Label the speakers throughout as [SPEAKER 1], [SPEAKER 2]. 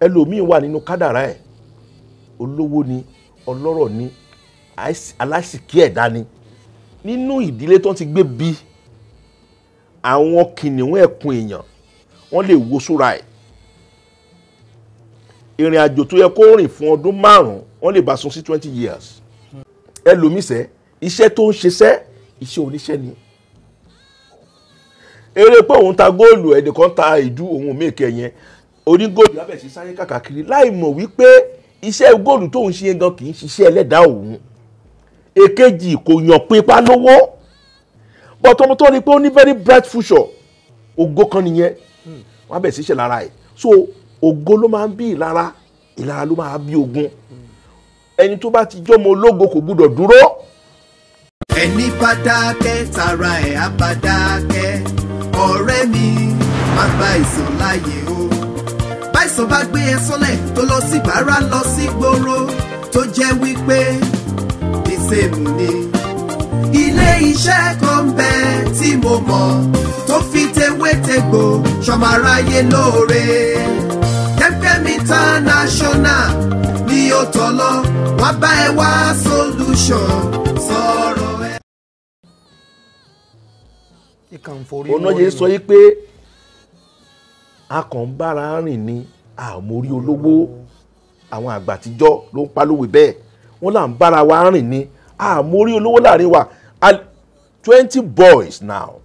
[SPEAKER 1] ẹlòmíì wà nínú kádàrá ẹ̀ olówó ni ọlọ́rọ̀ ni aláṣìkí ẹ̀dá ni nínú ìdílé tó ti gbé bí àwọn kìnìún ẹ̀kún èèyàn wọ́n lè wo sóra ẹ̀ ìrìn àjò tó yẹ kó rìn fún ọdún márùn wọ́n lè bá sún sí twenty years ẹlòmísẹ́ iṣẹ́ tó ń ṣiṣẹ́ iṣẹ́ oníṣẹ́ ni eré pé òun ta góòlù ẹ̀dẹ̀ ta ìdú òun mèkẹ́ yẹn onígóòlù abẹ́ sí sáré kàkàkiri láì mọ̀ wípé iṣẹ́ góòlù tóun ṣe gan kì í ṣiṣẹ́ ẹlẹ́dàá òun èkejì kò yàn pípa lówó bọ́tọ́mú tó rí pé ó ní very bright future ògo kan nìyẹn hmm. wọ́n abẹ́ sí ṣe lára ẹ̀ so ògo ló máa ń bí ìlara ìlara ló máa bí ogun hmm. ẹni tó bá ti jọ́mọ ológo kò gbúdọ̀ dúró. ẹni bá dákẹ́ tara ẹ̀ á bá dákẹ́
[SPEAKER 2] ọ̀rẹ́ mi má gba ìsàn láàyè o tẹ̀sán bá gbé ẹ sọ́lẹ̀ tó lọ sí bàárà lọ sí gbòòrò tó jẹ́ wípé gbèsè mú ni. ilé iṣẹ́ kan bẹ tí mo mọ̀ tó fi tewétegbò ṣọmọ lóore Kemkem International ni ó tọ́lọ́ wá bá ẹ wá solution sọ̀rọ̀ ẹ. ọ̀nà yẹn sọ yìí
[SPEAKER 1] pé a kàn ń bára rìn ni àmórí olówó àwọn àgbà àtijọ́ ló ń palówe bẹ́ẹ̀ wọ́n là ń bára wa rìn ni àmórí olówó láàrin wa twenty boys now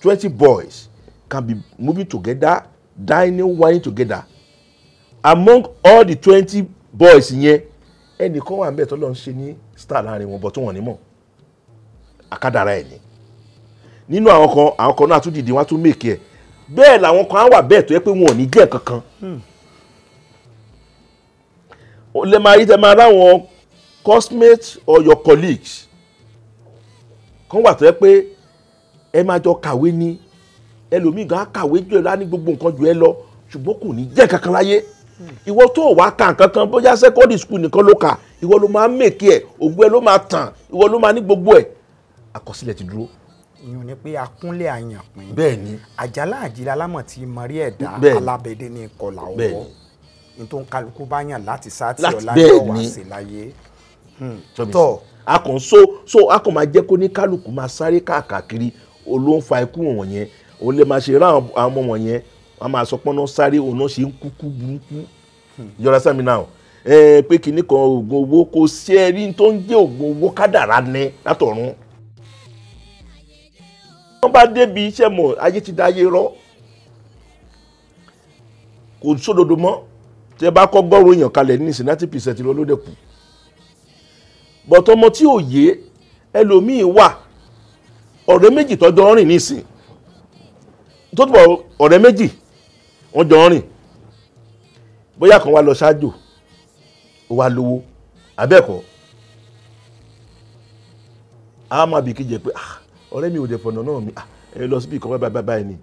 [SPEAKER 1] twenty boys can be moving together dining wine together among all the twenty boys yẹn ẹnìkan wà níbẹ̀ tó lọ́n ṣe ní star láàrin wọn bọ̀ tó wọ́n ní mọ̀ àkàdàrà ẹ̀ ni nínú àwọn kan àwọn kan náà tún dìde wọn tún mèkì ẹ̀ e bẹ́ẹ̀ làwọn kan wà bẹ́ẹ̀ tó yẹ pé wọn ò ní jẹ́ kankan lè máa rí tẹ máa ráwọn cosmates or your colleagues kan wà tó yẹ pé ẹ máa jọ kàwé ni ẹlòmíì gan kàwé jù ẹ lá ní gbogbo nǹkan jù ẹ lọ ṣùgbọ́n kò ní jẹ́ kankan láyé ìwọ tó wá ka nǹkan kan bóyá secondary school nìkan ló kà ìwọ ló máa ń mèkì ẹ ògùn ẹ ló máa tàn ìwọ ló máa ní gbogbo ẹ àkọsílẹ̀ ti dúró
[SPEAKER 2] ìyún ni pé akúnlẹ̀ àyànpín bẹ́ẹ̀ni àjálá àjílá lámọ̀ tí mọ̀rí ẹ̀dá alábẹ́dé ní ìkọlà ọwọ́ ní tó ń kálukú bá yàn láti sáàtì ọ̀la yóò wá sí láyé
[SPEAKER 1] hmm. tọ́ a kàn so so a kàn máa jẹ́ kó ní kálukú máa sáré káàkiri olóńfa ikú wọn yẹn òun lè máa ṣe rá àwọn ọmọ wọn yẹn wọn máa sọ pọ́nà sáré òun náà ṣe ń kúkú burúkú hmm. yọra sami náà pé kinní oògùn owó kò sí ẹrí tó ń jẹ́ oògùn owó kádàrá ní látọ̀run wọ́n bá débi iṣẹ́ mọ̀ ayé ti dáyé rọ́ kò sódodo mọ́ tí ẹ bá kọ́ gbọ́rò èèyàn kalẹ̀ ní sinati percent lọ lóde kù bọ̀tọ̀ ọmọ tí ò yé ẹlòmíì wà ọ̀rẹ́ méjì tó jọ rìn nísìn tó tọ̀ ọ̀rẹ́ méjì wọ́n jọ rìn bóyá kan wá lọ ṣáájò ó wá lówó abẹ́ẹ̀kọ́ a máa bì kí jẹ pé ah ọ̀rẹ́ mi ò dẹ̀ fọ̀nà náà mi ah, ẹ lọ síbi ìkọ́ báyìí báyìí ni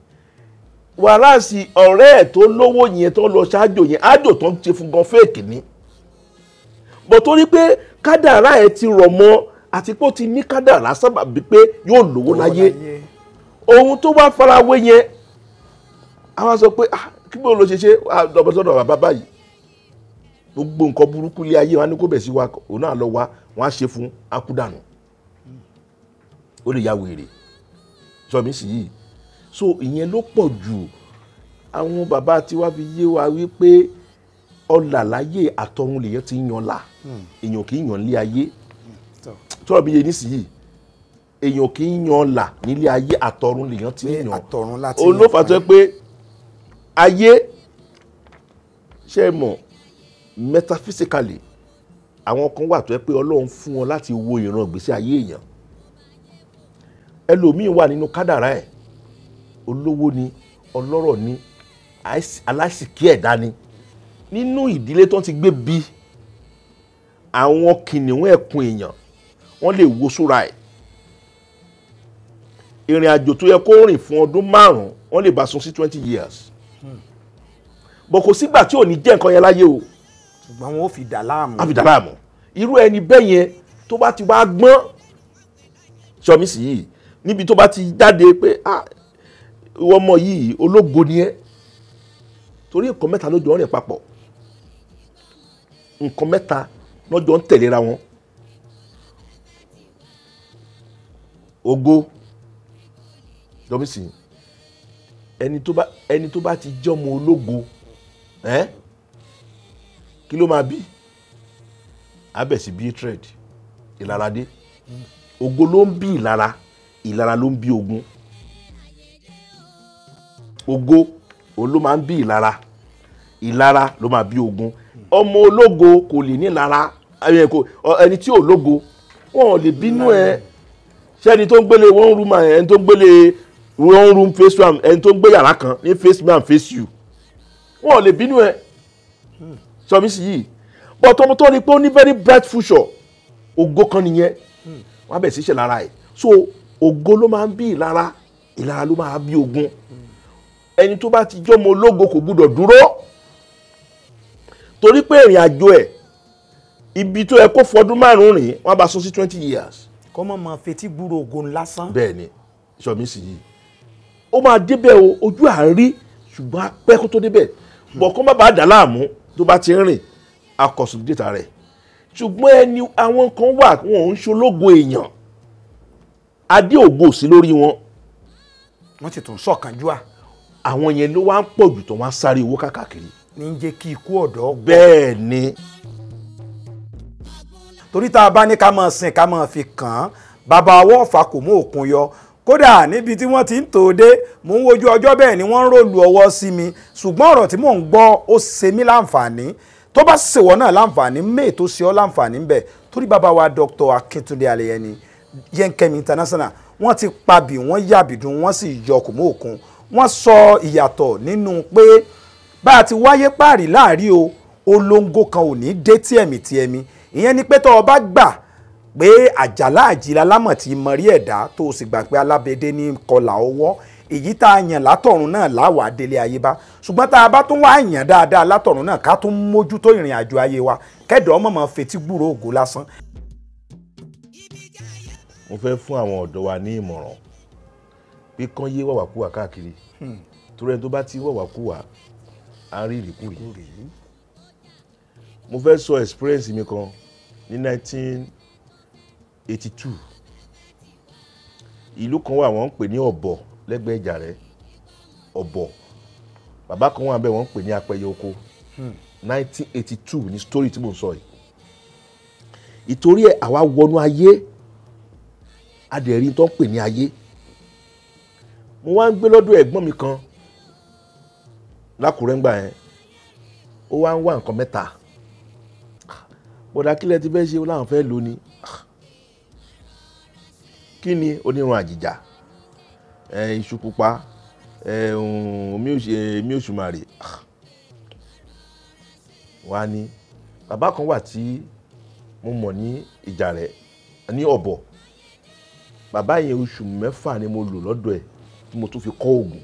[SPEAKER 1] wàhálàsì ọ̀rẹ́ ẹ̀ tó lówó yẹn tó lọ ṣáájò yẹn ájò tó ń ṣe fún gan fèèkì ni bọ̀ torí pé kádàrá ẹ̀ ti rọ̀ mọ́ àti pé ó ti ní kádàrá sábàbí pé yóò lówó láyé ohun tó bá farawé yẹn a wá sọ pé ah, kí bó ló ṣe ṣe lọ́bọ̀sọ́dọ̀ bàbá báyìí gbogbo nǹkan burúkú lé ayé wa ní kó bẹ̀ sí wa òun náà lọ wa wọn á ṣe fún akúdànù ó lè ya wèrè sọmi sì yìí so ìyẹn ló pọ̀ jù àwọn bàbá tiwa fi yé wa wípé ọlà láyé àtọ̀run lèyẹn ti yan là hmm. èèyàn kì í yan lé ayé hmm. tọ́lá mi yé nísìnyìí èèyàn kì í yan là nílé ayé àtọ̀run lèyàn ti yan òun ló fà tó pé ayé ṣe é mọ̀ metaphysically àwọn kan wà tó yẹ pé ọlọ́run fún wọn láti wo ìran ìgbésí ayé èèyàn ẹlòmíín wà nínú kádàrá ẹ̀ olówó ni ọlọ́rọ̀ ni aláìsìkí ẹ̀dá ni nínú ìdílé tó ti gbé bí àwọn kìnìún ẹ̀kún èèyàn wọ́n lè wo sóra ẹ̀ ìrìn àjò tó yẹ kó rìn fún ọdún márùn wọ́n lè bá sún sí twenty years hmm. bọ̀ kò sígbà tí ò ní jẹ́ nǹkan yẹn láyé o. ṣùgbọ́n wọn ò
[SPEAKER 2] fi dà láàmú. a fi dà láàmú
[SPEAKER 1] irú ẹni bẹ́ẹ̀ yẹn tó bá ti wá gbọ́n sọmi yìí níbi tó bá ti jáde pé ìwọ ọmọ yìí ológo ni ẹ́ torí nǹkan mẹ́ta ló jọ ń rìn papọ̀ nǹkan mẹ́ta lọ́jọ́ ń tẹ̀léra wọn ògo jọmísìn ẹni tó bá ẹni tó bá ti jẹ́ ọmọ ológo ẹ́ kí ló máa bí abẹ́sí bíi trade ìlaradé ògo ló ń bí ìlara. Si ìlara ló ń bí ogun ògo òun ló máa ń bí ìlara ìlara ló máa bí ogun ọmọ ológo kò lè ní ìlara ẹni tí ò lógo wọn ò lè bínú ẹ ṣẹ́ni tó ń gbélé one room ẹni tó ń gbélé one room face one ẹni tó ń gbé yàrá kan ní face me and face you wọn ò lè bínú ẹ hmm. sọmísì yìí but ọmọ tó rí pé ó ní very bright future ògo kan nìyẹn hmm. wọn á bẹ̀ sí ṣe lára so ògo ló máa ń bí ìlara ìlara ló máa bí ogun ẹni tó bá ti jọmọ ológo kò gbúdọ̀ dúró torí pé ìrìn àjò ẹ̀ ibi tó yẹ kó fọdún márùn rìn wọ́n bá sún sí twenty years. kọ́ mọ̀ mọ̀ fetí gbúrò ogun lásán. bẹ́ẹ̀ni sọmi sì yìí ó máa débẹ̀ o ojú à ń rí ṣùgbọ́n a pẹ́ kó tó débẹ̀ bọ̀ kó má bàa dà láàmú tó bá ti ń rìn akọ̀sùn dìtà rẹ̀ ṣùgbọ́n ẹni àwọn kan wà wọn ò ń ṣológo èèyàn adé ògo sí lórí wọn. wọ́n sì tún sọ̀kanjú à. àwọn yẹn ló wá ń pọ̀ jù tó wá ń sáré owó káàkiri. ní jẹ́ kí ikú ọ̀dọ́. bẹ́ẹ̀ ni. torí tá a bá ní
[SPEAKER 2] ká máa sìn ká máa fi kàn án bàbá ọwọ́ ọ̀fà kò mú òkun yọ kódà níbi tí wọ́n ti ń tò dé mò ń wojú ọjọ́ bẹ́ẹ̀ ni wọ́n ń ròlù ọwọ́ sí mi ṣùgbọ́n ọ̀rọ̀ tí mò ń gbọ́ ó ṣe mí láǹfààní tó bá ṣèwọ́ náà láǹfààní méè tó ṣe ọ́ láǹfààní ń torí bàbá wa Dr. Akíntúndé Adéyẹni yẹnkẹmi international wọ́n ti pabì wọ́n yàbìdún wọ́n sì yọ kò mọ òkun wọ́n sọ ìyàtọ̀ nínú pé bá a ti wáyé páàrí láàrí o olóńgó kan ò ní dé tí ẹ̀mí tí ẹ̀mí ìyẹn ni pé tó o bá gbà pé àjàlá àjìlá lámọ̀ tí mọ rí ẹ̀dá tó o sì gbà pé alábẹ́dẹ́ ní kọlà ọwọ́ èyí tá a yàn látọ̀run náà láwàá délé ayé bá ṣùgbọ́n tá a bá tún wá yàn dáadáa látọ̀run náà ká tún mójútó ìrìn àjò ayé wa kẹ́dọ̀ọ́ mọ̀mọ́ fetí gbúròó ògo lásán
[SPEAKER 1] mo fẹ́ fún àwọn ọ̀dọ́ wa ní ìmọ̀ràn pé kán yé wàwàkúwà káàkiri hmm. torí ẹni tó bá ti wàwàkúwà á rí ìrìkúrì mo fẹ́ sọ experience mi kan ní 1982 ìlú kan wà wọ́n ń pè ní ọ̀bọ̀ lẹ́gbẹ̀ẹ́ Ìjàrẹ́ ọ̀bọ̀ bàbá kan wà bẹ́ẹ̀ wọ́n ń pè ní apẹyẹ oko 1982 hmm. ní story tí mo ń sọ yìí ìtorí ẹ̀ àwa wọnú ayé adẹ̀rín tó ń pè ní ayé mo wá ń gbé lọ́dọ̀ ẹ̀gbọ́n mi kan lákùrẹ́ ńgbà yẹn ó wá ń wá nǹkan mẹ́ta bọ̀dà kílẹ̀ ti fẹ́ ṣe ó láwọn fẹ́ lò ní kí ni onírun àjìjà iṣu pupa omi òṣùmàrè wá ní bàbá kan wà tí mo mọ̀ ní ìjà rẹ̀ ní ọ̀bọ̀ bàbá yẹn oṣù mẹ́fà ni mo lò lọ́dọ̀ ẹ̀ tí mo tún fi kọ́ oògùn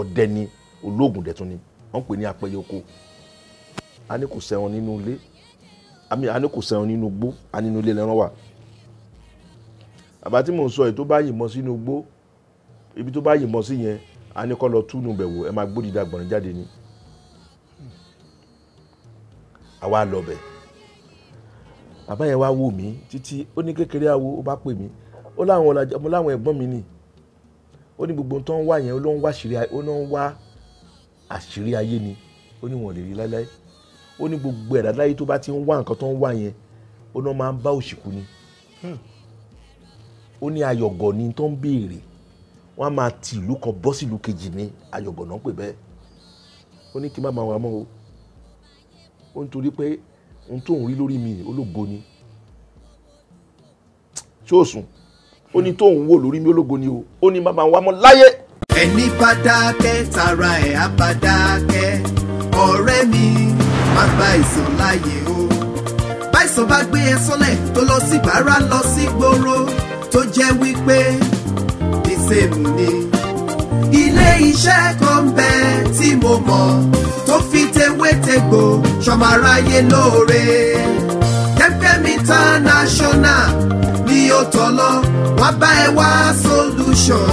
[SPEAKER 1] ọdẹ ni olóògùn dẹ̀tún ni wọ́n pè ní apẹyẹ oko a ní kò sẹ́wọ̀n nínú ilé a ní kò sẹ́wọ̀n nínú igbó a nínú ilé lẹ́ran wà bàbá tí mò ń sọ yìí tó bá yìnbọn sínú igbó ibi tó bá yìnbọn sí yẹn a ní kọ́ lọ túnú bẹ̀ wò ẹ máa gbódìdá gbọ̀nrín jáde ni àwa lọ bẹ̀ bàbá yẹn wá wò mí títí ó ní kékeré awo ó bá pè mí ó láwọn ọ̀làjà mo láwọn ẹ̀gbọ́n mi nì ó ní gbogbo tó ń wá yẹn ó ló ń wá àṣírí ó ló ń wá àṣírí ayé ni ó ní wọn lè rí láéláé ó ní gbogbo ẹ̀dá láyé tó bá ti ń wá nǹkan tó ń wá yẹn ó náà máa ń bá òṣìkú ni hmm. ó ní ayọ̀gọ̀ ni tó ń béèrè wọ́n á máa ti ìlú kan bọ́ sí kejì ní ayọ̀gọ̀ náà pè bẹ́ẹ̀ ó ní kí má máa wà mọ́ o ó ń torí pé ohun tó ń rí lórí mi ológo ni ṣé o sùn ó ní tó ń wò lórí mi ológo ni o ó ní màmá wa mọ láyé. ẹni bá tara ẹ̀ á bá
[SPEAKER 2] ọ̀rẹ́ mi má bá ìsàn láàyè o báìsàn bá gbé ẹ sọ́lẹ̀ tó lọ sí bàárà lọ sí gbòòrò tó jẹ́ wípé ìsèmù ni ilé iṣẹ́ kan bẹ́ẹ̀ tí mo mọ̀ tó fi tewé ṣọmọ aráyé lóore Kemkem International ní ó tọ́ lọ wá bá ẹ wá solution